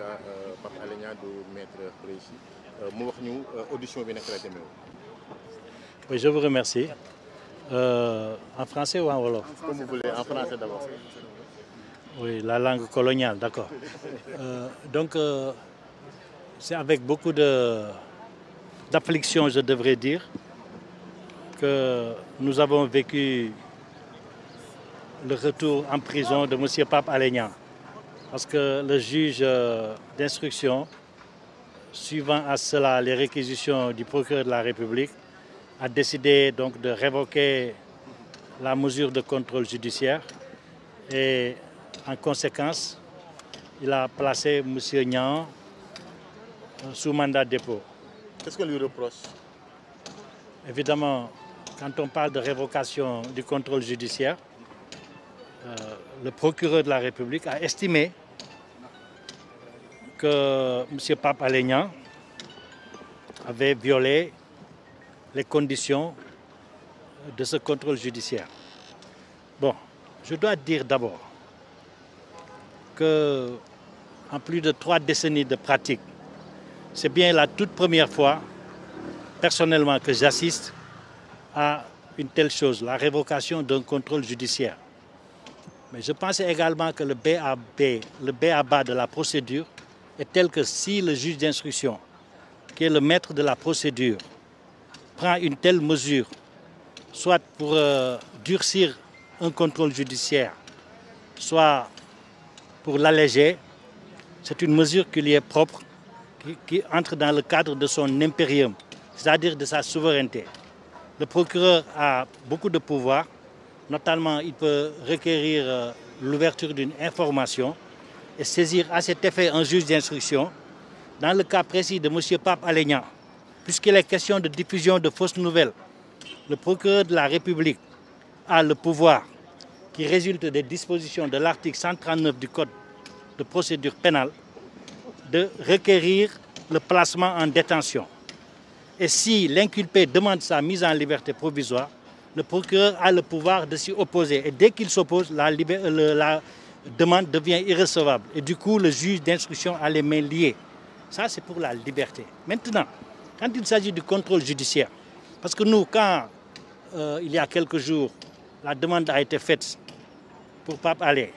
Euh, euh, mu wax ñu euh, audition bi naka la demee je vous remercie en français ou en wolof. la langue coloniale d'accord euh, donc euh, c'est avec beaucoup de d'affliction je devrais dire que nous avons vécu le retour en prison de monsieur Pape Alé parce que le juge euh, d'instruction, suivant à cela les réquisitions du procureur de la République, a décidé donc de révoquer la mesure de contrôle judiciaire et en conséquence, il a placé M. Nian euh, sous mandat de dépôt. Qu'est-ce qu'on lui Évidemment, quand on parle de révocation du contrôle judiciaire, euh, le procureur de la République a estimé que M. Pape Alenia avait violé les conditions de ce contrôle judiciaire. Bon, je dois dire d'abord que en plus de trois décennies de pratique, c'est bien la toute première fois personnellement que j'assiste à une telle chose, la révocation d'un contrôle judiciaire. Mais je pense également que le BAB, le BABA de la procédure est telle que si le juge d'instruction, qui est le maître de la procédure, prend une telle mesure, soit pour euh, durcir un contrôle judiciaire, soit pour l'alléger, c'est une mesure qui lui est propre, qui, entre dans le cadre de son impérium, c'est-à-dire de sa souveraineté. Le procureur a beaucoup de pouvoirs, notamment il peut requérir euh, l'ouverture d'une information et saisir à cet effet un juge d'instruction, dans le cas précis de M. Pape Alénian, puisqu'il est de diffusion de fausses nouvelles, le procureur de la République a le pouvoir qui résulte des dispositions de l'article 139 du Code de procédure pénale de le placement en détention. Et si l'inculpé demande sa mise en liberté provisoire, le procureur a le pouvoir de s'y la, la, demande devient irrecevable. Et du coup, le juge d'instruction a les mains liées. Ça, c'est pour la liberté. Maintenant, quand il s'agit du contrôle judiciaire, parce que nous, quand euh, il y a quelques jours, la demande a été faite pour Pape Allais,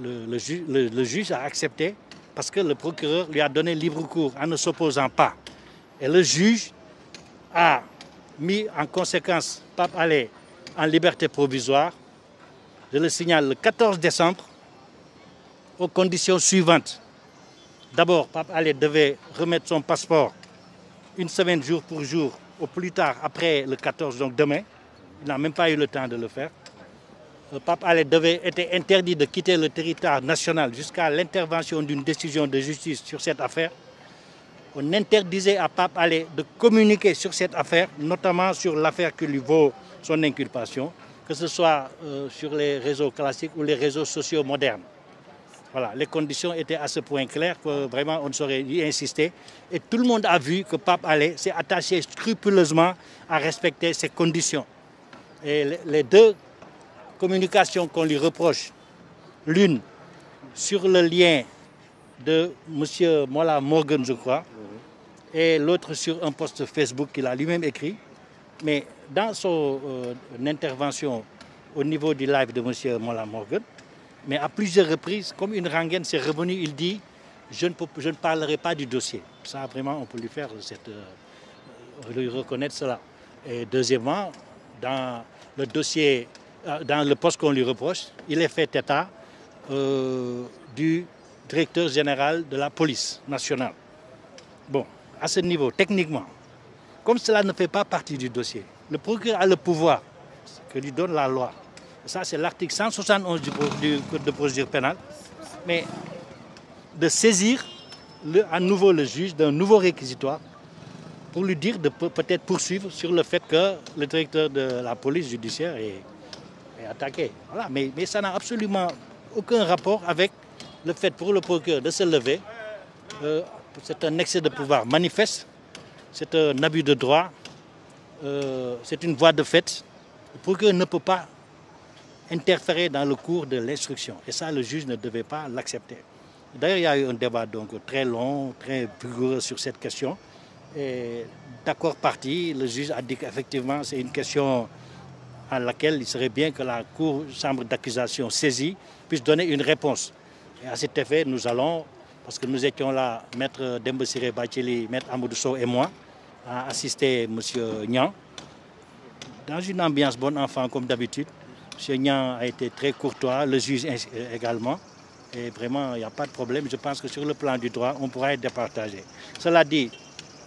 le, le, le, le, juge a accepté parce que le procureur lui a donné libre cours en ne s'opposant pas. Et le juge a mis en conséquence Pape Allais en liberté provisoire je le signale le 14 décembre, aux conditions suivantes. D'abord, Pape Allais devait remettre son passeport une semaine jour pour jour, au plus tard après le 14, donc demain. Il n'a même pas eu le temps de le faire. Le euh, pape Allais devait était interdit de quitter le territoire national jusqu'à l'intervention d'une décision de justice sur cette affaire. On interdisait à Pape Allais de communiquer sur cette affaire, notamment sur l'affaire qui lui vaut son inculpation. que ce soit euh, sur les réseaux classiques ou les réseaux sociaux modernes. Voilà, les conditions étaient à ce point claires que vraiment on ne saurait y insister. Et tout le monde a vu que Pape Allé s'est attaché scrupuleusement à respecter ces conditions. Et les deux communications qu'on lui reproche, l'une sur le lien de M. Mola Morgan, je crois, et l'autre sur un post Facebook qu'il a lui-même écrit. Mais dans son euh, intervention au niveau du live de monsieur Mola Morgan, mais à plusieurs reprises, comme une rengaine s'est revenue, il dit je ne, peux, je ne parlerai pas du dossier. Ça, vraiment, on peut lui faire euh, reconnaître cela. Et deuxièmement, dans le dossier, euh, le poste qu'on lui reproche, il est fait état euh, du directeur général de la police nationale. Bon, à ce niveau, techniquement, comme cela ne fait pas partie du dossier, Le procureur a le pouvoir que lui donne la loi. Ça, c'est l'article 171 du, de procédure pénale. Mais de saisir le, à nouveau le juge d'un nouveau réquisitoire pour lui dire de peut-être poursuivre sur le fait que directeur de la police judiciaire est, est Mais, mais ça rapport avec le fait pour le procureur de se lever. Euh, c'est un excès de pouvoir manifeste, c'est un abus de droit, euh, c'est une voie de fait. pour procureur ne peut pas interférer dans le cours de l'instruction. Et ça, le juge ne devait pas l'accepter. D'ailleurs, il y a eu un débat donc, très long, très vigoureux sur cette question. Et d'accord parti, le juge a dit qu'effectivement, c'est une question à laquelle il serait bien que la cour, chambre d'accusation saisie puisse donner une réponse. Et à cet effet, nous allons, parce que nous étions là, maître Dembosire Bacheli, maître Amadou et a assisté Monsieur Niang dans une ambiance bonne enfant comme d'habitude. Monsieur Niang a été très courtois, le juge euh, également. Et vraiment, il n'y a pas de problème. Je pense que sur le plan du droit, on pourra être départagé. Cela dit,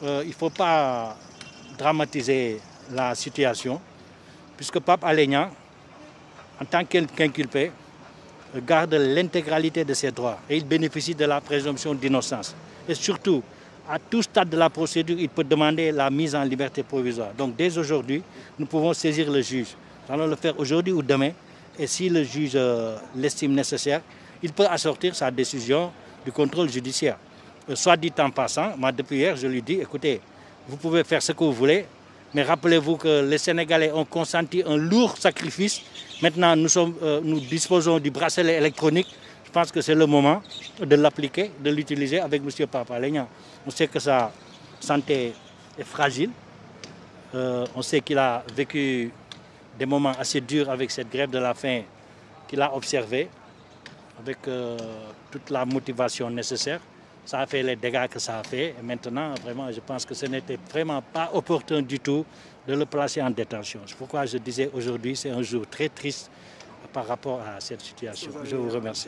euh, il ne faut pas dramatiser la situation, puisque Pape Alégnan, en tant qu'inculpé, garde l'intégralité de ses droits et il bénéficie de la présomption d'innocence. Et surtout, à tout stade de la procédure, il peut demander la mise en liberté provisoire. Donc dès aujourd'hui, nous pouvons saisir le juge. Nous allons le faire aujourd'hui ou demain. Et si le juge euh, l'estime nécessaire, il peut assortir sa décision du contrôle judiciaire. Euh, soit dit en passant, moi depuis hier, je lui dis, écoutez, vous pouvez faire ce que vous voulez, mais rappelez-vous que les Sénégalais ont consenti un lourd sacrifice. Maintenant, nous, sommes, euh, nous disposons du bracelet Je pense que c'est le moment de l'appliquer, de l'utiliser avec M. Papalénian. On sait que sa santé est fragile. Euh, on sait qu'il a vécu des moments assez durs avec cette grève de la faim qu'il a observée, avec euh, toute la motivation nécessaire. Ça a fait les dégâts que ça a fait. Et maintenant, vraiment, je pense que ce n'était vraiment pas opportun du tout de le placer en détention. C'est pourquoi je disais aujourd'hui, c'est un jour très triste par rapport à cette situation. Vous avez Je vous remercie.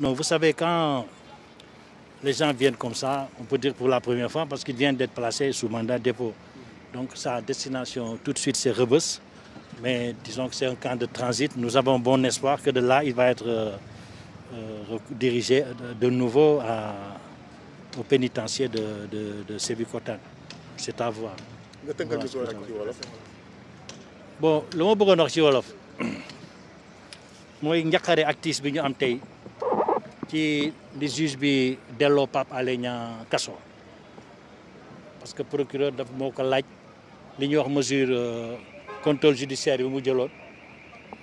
Non, vous savez, quand les gens viennent comme ça, on peut dire pour la première fois, parce qu'ils viennent d'être placés sous mandat dépôt. sa destination tout de suite, c'est Rebus. Mais disons que c'est un camp de transit. Nous avons bon espoir que de là, il va être euh, euh, dirigé euh, de nouveau au pénitencier de, de, de C'est à voir. nga tënkal ñu ko rek ci wolof. bon lu ma bëggoon wax ci wolof mooy njaqare ak bi ñu am tey ci di juge bi delloo Pape Alé Niang kaso parce que procureur daf moo ko laaj li ñuy wax mesure euh, contrôle judiciaire bi mu jëloon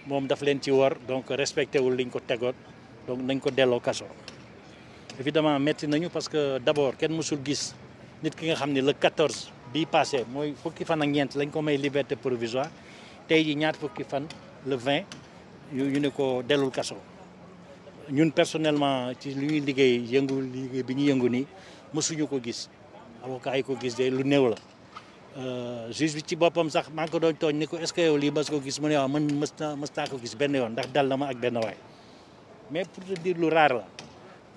moom daf leen ci war donc respecté wul liñ ko tegoon donc nañ ko delloo kaso évidemment metti nañu parce que d'abord kenn mësul gis nit ki nga xam ne le 14 bii passé mooy fukki fan ak ñeent lañ ko may liberté provisoire tey ji ñaar fukki fan le 20 ñu ne ko dellul kaso ñun personnellement ci li ñuy liggéey yëngu liggéey bi ñu yëngu nii mësuñu ko gis avocat yi ko gis de lu néew la euh, juge bi ci boppam sax maa ngi ko doon tooñ ni ko est-ce que yow lii mas ko gis mu ne waaw man mës naa ko gis benn yoon ndax dal na ma ak benn waay mais pour te dire lu raar la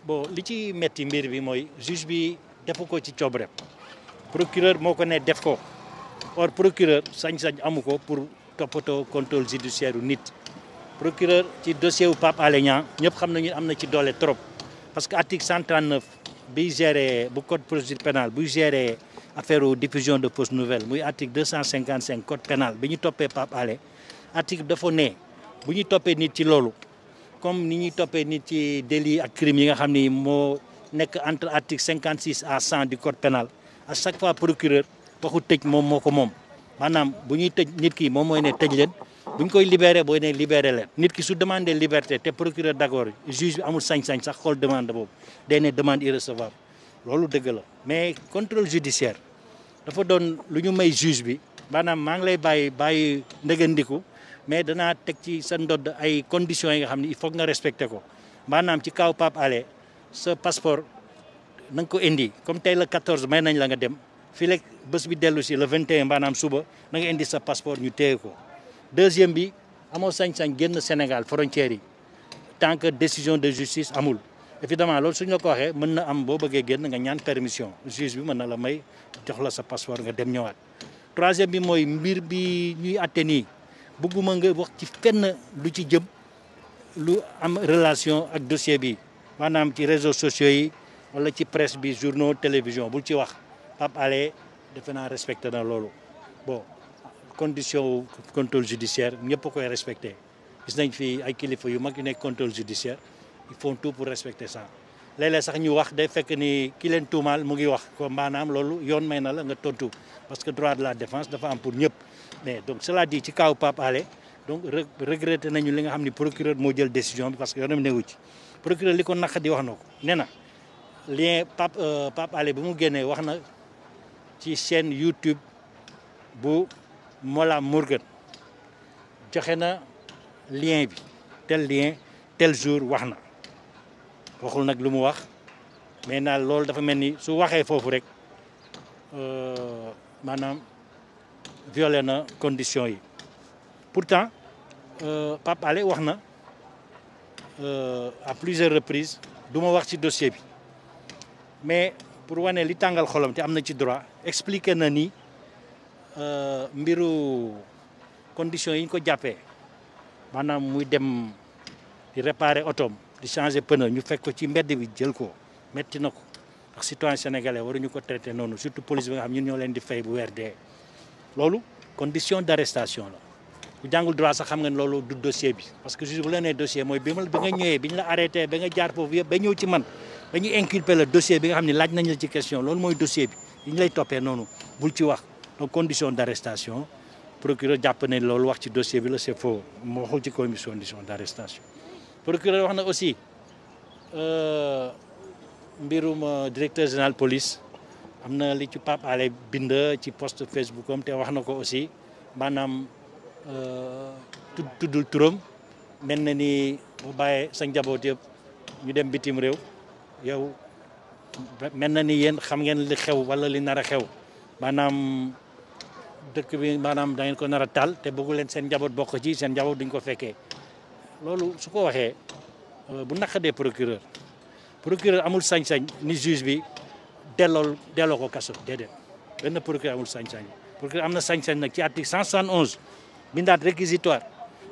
bo li ci metti mbir bi mooy juge bi defu ko ci coobreem procureur moo ko nee def ko or procureur sañ-sañ amu ko pour toppatoo contrôle judiciaire u nit procureur ci dossier wu Pape Alé Niang ñëpp xam ñu am na ci doole trop parce que article 139 biy gérer bu code procédure pénale buy gérer affaire u diffusion de fausses nouvelles muy article 255 code pénal bi ñu toppee Pape Alé article dafa ne bu ñu toppee nit ci loolu comme ni ñuy toppee nit ci délit ak crime yi nga xam ni moo nekk entre article 56 à 100 du code pénal à chaque fois procureur waxu tëj moom moo ko moom maanaam bu ñuy tëj nit ki moom mooy ne tëj leen bu ñu koy libéré booy ne libéré leen. nit ki su demandé liberté te procureur d'accord juge bi amul sañ-sañ sax xool demande boobu day ne demande irrecevable loolu dëgg la mais contrôle judiciaire dafa doon lu ñu may juge bi maanaam maa ngi lay bàyyi bàyyi ndëgëndiku mais danaa teg ci sa ndodd ay conditions yi nga xam ne il faut nga respecté ko maanaam ci kaw na nga ko indi comme tey la 14 may nañ la nga dem fii léegi bés bi dellu si le 21 maanaam suba na nga indi sa passeport ñu téye ko deuxième bi amoo sañ-sañ génn Sénégal frontières yi tant que décision de justice amul. évidemment loolu suñ la ko waxee mën na am boo bëggee génn nga ñaan permission juge bi mën na la may jox la sa passeport nga dem ñëwaat. troisième bi mooy mbir bi ñuy atte nii bëgguma nga wax ci fenn lu ci jëm lu am relation ak dossier bi maanaam ci réseaux sociaux yi. wala ci presse bi journaux télévision bul ci wax Pape Alé defe naa respecté na loolu bon condition wu contrôle judiciaire ñëpp koy respecté gis nañ fi ay kilifa yu mag yi nekk contrôle judiciaire ils font tout pour respecter ça léeg-léeg sax ñu wax day fekk ni ki leen tuumaal mu ngi wax ko maanaam loolu yoon may na la nga tontu parce que droit de la défense dafa am pour ñëpp mais donc cela dit ci kaw Pape Alé donc regretté nañu li nga xam ni procureur moo jël décision bi parce que yoonam newu ci di wax na ko lien Pape euh, Pape Alé bu mu génnee wax na ci chaîne YouTube bu Mola Morgan joxe na lien bi tel lien tel jour wax na waxul nag lu mu wax mais naa loolu dafa mel ni su waxee foofu rek euh, maanaam violé na condition yi pourtant euh, Pape Alé wax na à plusieurs reprises du ma wax ci dossier bi mais pour wane li tàngal xolom te am na ci droit expliqué na ni euh, mbiru conditions yi ñu ko jàppee maanaam muy dem di réparer otoom di changer pneu ñu fekk ko ci mbedd bi jël ko metti na ko ndax citoyen sénégalais waruñu ko traité noonu surtout police bi nga xam ñun ñoo leen di fay bu weer dee loolu condition d'arrestation la ku jàngul droit sax xam nga ne loolu du dossier bi parce que juge bu la nee dossier mooy bi ma bi nga ñëwee bi ñu la arrêté ba nga jaar foofu yëpp ba ñëw ci man ba ñu inculpé la dossier bi nga xam ne laaj nañ la ci question loolu mooy dossier bi d' arrestation procureur jàpp ne loolu la c' est faux mu ci condition d' procureur wax na aussi euh, mbirum euh, directeur général police am na li ci Pape Alé bind ci post Facebook am te wax na ko aussi maanaam Euh, tudd tuddul turam mel na ni bu bàyyee sa njaboot yëpp ñu dem bitim réew yow mel na ni yéen xam ngeen li xew wala li nar a xew maanaam dëkk bi maanaam da ngeen ko nar a taal te bëggu leen seen njaboot bokk ci seen njaboot duñ ko fekkee loolu su ko waxee euh, bu naqadee procureur procureur amul sañ-sañ ni juge bi dellool delloo ko kaso déedéet benn procureur amul sañ-sañ procureur am na sañ-sañ nag ci article 171 bindaat réquisitoire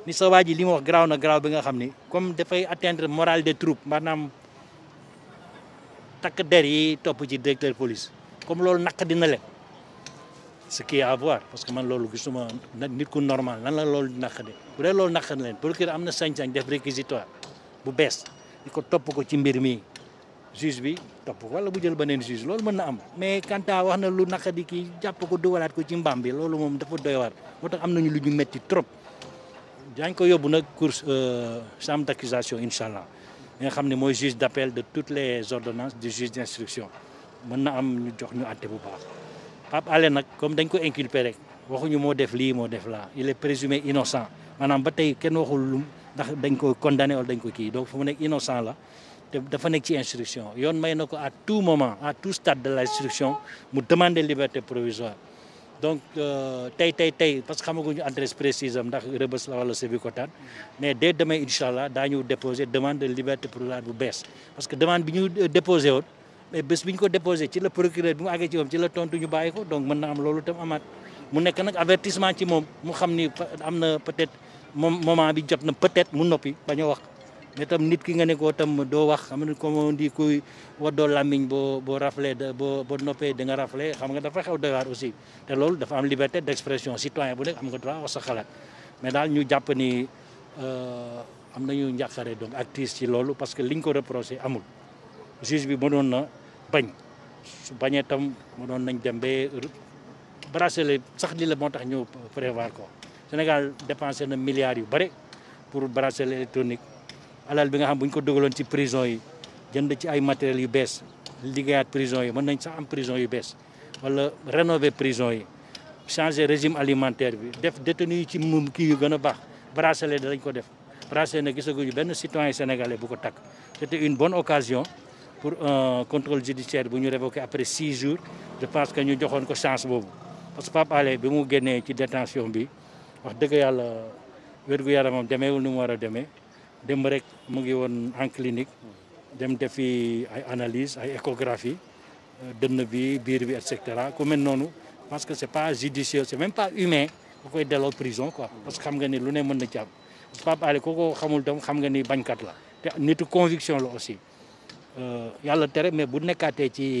ni sa ji li mu wax garaaw na garaaw bi nga xam ni comme dafay atteindre morale des troupes maanaam takk der yi topp ci directeur police comme loolu naq dina leen ce qui est à voir parce que man loolu gisuma nit ku normal nan la loolu naq de bu dee loolu naq na leen procureur am na sañ-sañ def réquisitoire bu bees di ko topp ko ci mbir mi. juge bi topp wala bu jël beneen juge loolu mën na am mais Kanta wax na lu naqadi kii jàpp ko dugalaat ko ci mbaam bi loolu moom dafa doy waar moo tax am nañu lu ñu metti trop daañ ko yóbbu nag cour euh, chambre d'accusation incha allah nga xam ne mooy juge d'appel de toutes les ordonnances du juge d'instruction mën na am ñu jox ñu àtte bu baax Pape Alé nag comme dañ ko inculpé rek waxuñu moo def lii moo def laa il est présumé innocent maanaam ba tey kenn waxul lu ndax dañ ko condamné wala dañ ko kii donc fu mu nekk innocent la te dafa nekk ci instruction yoon may na ko à tout moment à tout stade de l'instruction mu demander liberté provisoire donc euh, tey tey tey parce que xamaguñu adresse précise am ndax Rebeuss la wala Sébikotane mais dès demain incha allah daañu demande liberté provisoire bu bees parce que demande bi ñu euh, déposé woon mais bi ñu déposé ci la procureur bi mu ci moom ci la tontu ñu bàyyi ko donc mën na am loolu tam amaat mu nekk nag avertissement moom moment bi jot na peut-être mu noppi bañ wax mais tam nit ki nga ne ko tam doo wax xam ne comme on dit kuy waddoo làmmiñ boo boo raflee boo boo noppee da nga raflee xam nga dafa xew doy aussi te loolu dafa am liberté d'expression citoyen bu nekk am nga droit wax sa xalaat mais daal ñu jàpp ni euh, am nañu njàqare donc actrice ci loolu parce que liñ ko reproché amul juge bi mënoon na bañ su bañee tam mënoon nañ dem ba bracelet sax li la moo tax ñu prévoir ko Sénégal dépensé na milliards yu bare pour bracelet électronique alal bi nga xam bu ñu ko dogaloon ci prison yi jënd ci ay matériels yu bees liggéeyaat prison yi mën nañ sax am prison yu bees wala rénover prison yi changer régime alimentaire bi def détenu yi ci moom kii yu gën a baax bracelet dalañ ko def bracelet na gisaguñu benn citoyen sénégalais bu ko takk c'était une bonne occasion pour un contrôle judiciaire bu ñu révoqué après six jours je pense ñu joxoon ko chance boobu parce que Pape mu génnee ci détention bi wax dëgg yàlla wér-gu-yaramam demeewul ni mu war a demee démb rek mu ngi woon en clinique dem defi ay analyse ay échographie euh, dënn bi biir bi et cetera ku mel noonu parce que c'est pas judicieux c'est même pas humain ku koy delloo prison quoi parce que xam nga ni lu ne mën na jàpp Pape Ali ku ko xamul tam xam nga ni bañkat la te nitu conviction la aussi euh, yàlla tere mais bu nekkaatee ci